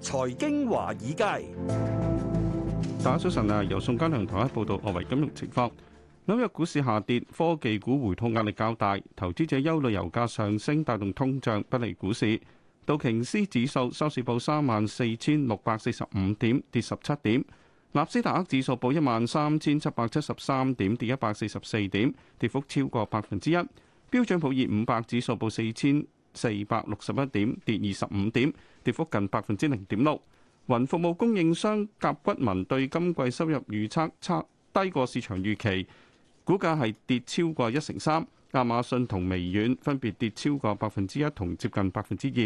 財經華爾街，大家早晨啊！由宋嘉良台一報道外圍金融情況。紐約股市下跌，科技股回吐壓力較大，投資者憂慮油價上升帶動通脹，不利股市。道瓊斯指數收市報三萬四千六百四十五點，跌十七點；納斯達克指數報一萬三千七百七十三點，跌一百四十四點，跌幅超過百分之一。標準普爾五百指數報四千。四百六十一點，跌二十五點，跌幅近百分之零點六。雲服務供應商甲骨文對今季收入預測差低過市場預期，股價係跌超過一成三。亞馬遜同微軟分別跌超過百分之一同接近百分之二。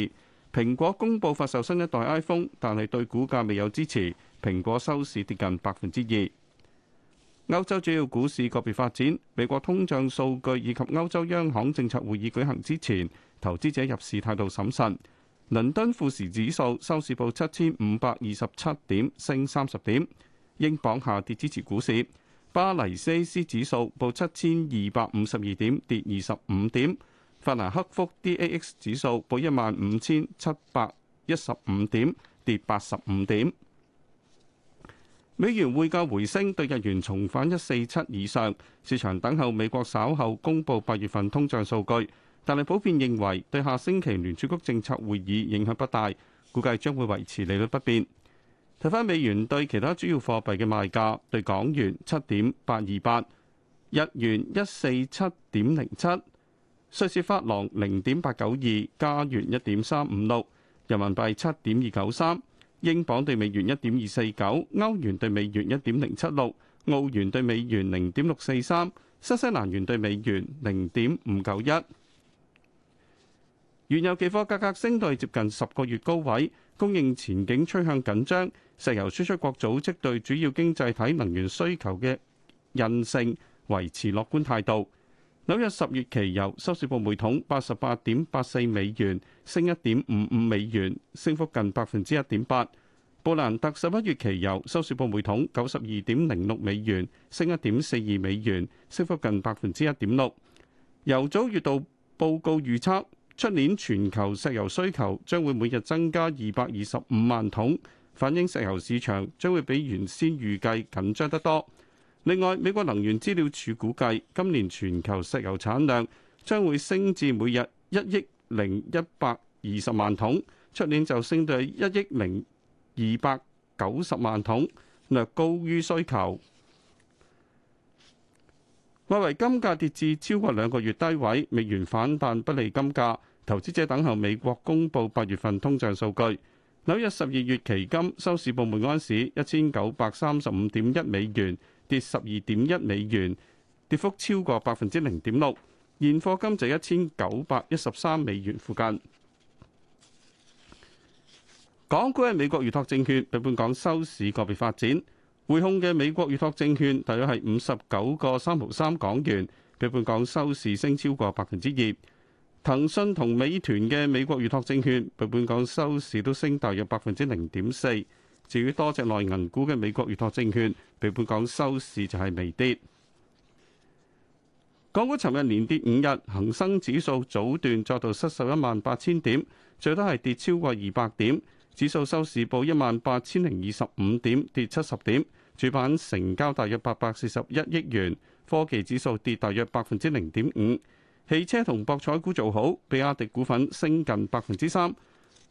蘋果公布發售新一代 iPhone，但係對股價未有支持，蘋果收市跌近百分之二。歐洲主要股市個別發展，美國通脹數據以及歐洲央行政策會議舉行之前。投資者入市態度審慎。倫敦富時指數收市報七千五百二十七點，升三十點。英鎊下跌支持股市。巴黎 CAC 指數報七千二百五十二點，跌二十五點。法蘭克福 DAX 指數報一萬五千七百一十五點，跌八十五點。美元匯價回升，對日元重返一四七以上。市場等候美國稍後公布八月份通脹數據。但係，普遍認為對下星期聯儲局政策會議影響不大，估計將會維持利率不變。睇返美元對其他主要貨幣嘅賣價，對港元七點八二八，日元一四七點零七，瑞士法郎零點八九二，加元一點三五六，人民幣七點二九三，英鎊對美元一點二四九，歐元對美元一點零七六，澳元對美元零點六四三，新西蘭元對美元零點五九一。原油期貨價格升到接近十個月高位，供應前景趨向緊張。石油輸出國組織對主要經濟體能源需求嘅韌性維持樂觀態度。紐約十月期油收市報每桶八十八點八四美元，升一點五五美元，升幅近百分之一點八。布蘭特十一月期油收市報每桶九十二點零六美元，升一點四二美元升升幅近百分之一點六。油組月度報告預測。出年全球石油需求將會每日增加二百二十五萬桶，反映石油市場將會比原先預計緊張得多。另外，美國能源資料處估計，今年全球石油產量將會升至每日一億零一百二十萬桶，出年就升到一億零二百九十萬桶，略高於需求。外圍金價跌至超過兩個月低位，美元反彈不利金價。投資者等候美國公布八月份通脹數據。紐約十二月期金收市報每安市一千九百三十五點一美元，跌十二點一美元，跌幅超過百分之零點六。現貨金就一千九百一十三美元附近。港股喺美國預託證券比本港收市個別發展，匯控嘅美國預託證券大約係五十九個三毫三港元，比本港收市升超過百分之二。騰訊同美團嘅美國預託證券比本港收市都升大約百分之零點四，至於多隻內銀股嘅美國預託證券比本港收市就係微跌。港股尋日連跌五日，恒生指數早段再度失守一萬八千點，最多係跌超過二百點，指數收市報一萬八千零二十五點，跌七十點，主板成交大約八百四十一億元，科技指數跌大約百分之零點五。汽車同博彩股做好，比亞迪股份升近百分之三，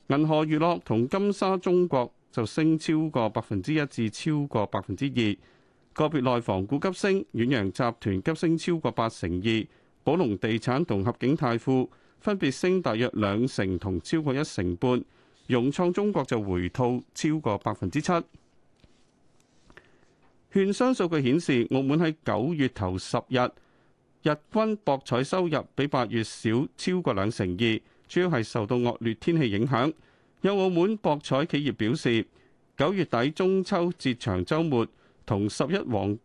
銀河娛樂同金沙中國就升超過百分之一至超過百分之二。個別內房股急升，遠洋集團急升超過八成二，寶龍地產同合景泰富分別升大約兩成同超過一成半，融創中國就回吐超過百分之七。券商數據顯示，澳門喺九月頭十日，日均博彩收入比八月少超過兩成二，主要係受到惡劣天氣影響。有澳門博彩企業表示，九月底中秋節長週末同十一黃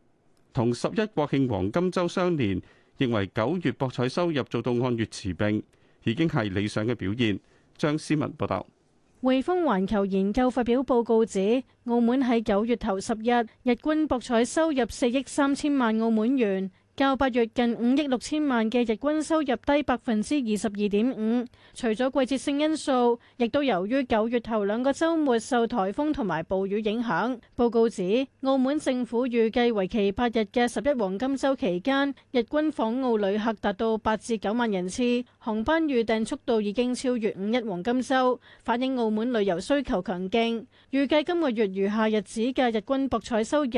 同十一國慶黃金週相連，認為九月博彩收入做到按月持平已經係理想嘅表現。張思文報導，匯豐環球研究發表報告指，澳門喺九月頭十日日均博彩收入四億三千萬澳門元。較八月近五億六千萬嘅日均收入低百分之二十二點五，除咗季節性因素，亦都由於九月頭兩個周末受台風同埋暴雨影響。報告指，澳門政府預計為期八日嘅十一黃金周期間，日均訪澳旅客達到八至九萬人次，航班預訂速度已經超越五一黃金周，反映澳門旅遊需求強勁。預計今個月餘下日子嘅日均博彩收入，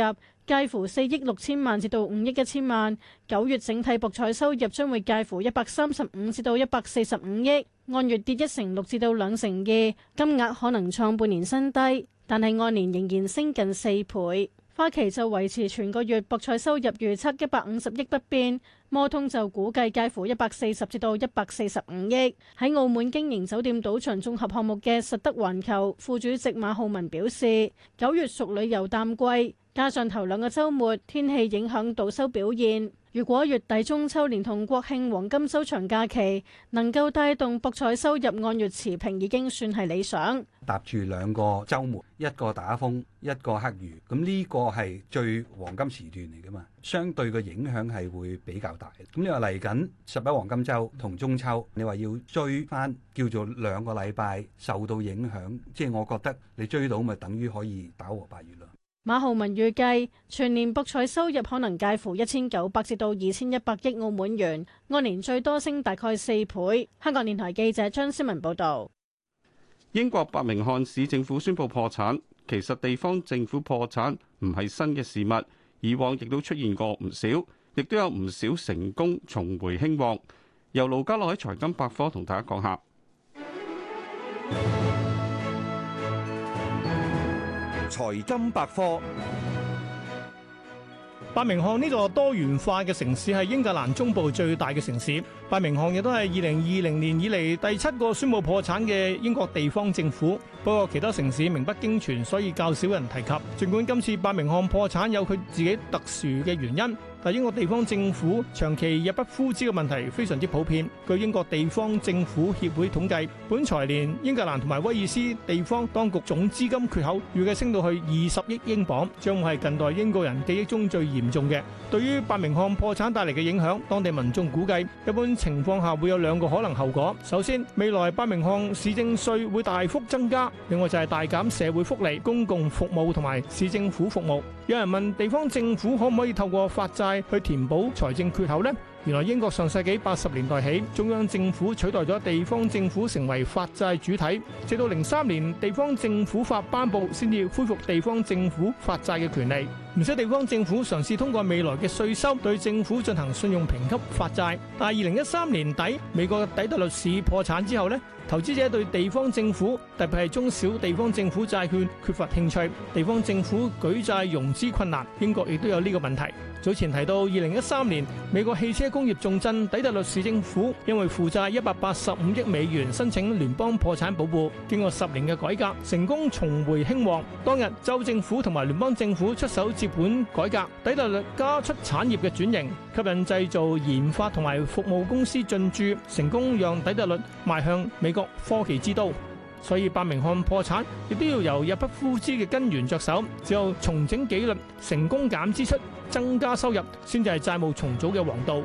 介乎四億六千萬至到五億一千萬，九月整體博彩收入將會介乎一百三十五至到一百四十五億，按月跌一成六至到兩成二，金額可能創半年新低，但係按年仍然升近四倍。花旗就維持全個月博彩收入預測一百五十億不變，摩通就估計介乎一百四十至到一百四十五億。喺澳門經營酒店賭場綜合項目嘅實德環球副主席馬浩文表示，九月屬旅遊淡季，加上頭兩個週末天氣影響賭收表現。如果月底中秋連同國慶黃金週長假期能夠帶動博彩收入按月持平，已經算係理想。搭住兩個週末，一個打風，一個黑雨，咁呢個係最黃金時段嚟噶嘛？相對嘅影響係會比較大。咁你話嚟緊十一黃金週同中秋，你話要追翻叫做兩個禮拜受到影響，即係我覺得你追到咪等於可以打和八月咯。馬浩文預計全年博彩收入可能介乎一千九百至到二千一百億澳門元，按年最多升大概四倍。香港電台記者張思文報道。英國伯明翰市政府宣布破產，其實地方政府破產唔係新嘅事物，以往亦都出現過唔少，亦都有唔少成功重回興旺。由盧家樂喺財金百科同大家講下。 財金百科，伯明翰呢座多元化嘅城市係英格蘭中部最大嘅城市。伯明翰亦都係二零二零年以嚟第七個宣佈破產嘅英國地方政府。不過其他城市名不經傳，所以較少人提及。儘管今次伯明翰破產有佢自己特殊嘅原因。但英國地方政府長期入不敷支嘅問題非常之普遍。據英國地方政府協會統計，本財年英格蘭同埋威爾斯地方當局總資金缺口預計升到去二十億英鎊，將會係近代英國人記憶中最嚴重嘅。對於伯明翰破產帶嚟嘅影響，當地民眾估計，一般情況下會有兩個可能後果：首先，未來伯明翰市政稅會大幅增加；另外就係大減社會福利、公共服務同埋市政府服務。有人問地方政府可唔可以透過法制，去填補財政缺口呢，原來英國上世紀八十年代起，中央政府取代咗地方政府成為發債主體，直到零三年地方政府法頒布，先至恢復地方政府發債嘅權利。唔少地方政府嘗試通過未來嘅稅收對政府進行信用評級發債，但係二零一三年底美國底特律市破產之後，投資者對地方政府特別係中小地方政府債券缺乏興趣，地方政府舉債融資困難。英國亦都有呢個問題。早前提到二零一三年美國汽車工業重鎮底特律市政府因為負債一百八十五億美元申請聯邦破產保護，經過十年嘅改革成功重回興旺。當日州政府同埋聯邦政府出手本改革底特律加出產業嘅轉型，吸引製造、研發同埋服務公司進駐，成功讓底特律邁向美國科技之都。所以，百明漢破產亦都要由入不敷支嘅根源着手，只有重整紀律，成功減支出，增加收入，先至係債務重組嘅王道。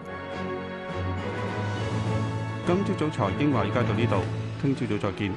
今朝早財經話而家到呢度，聽朝早再見。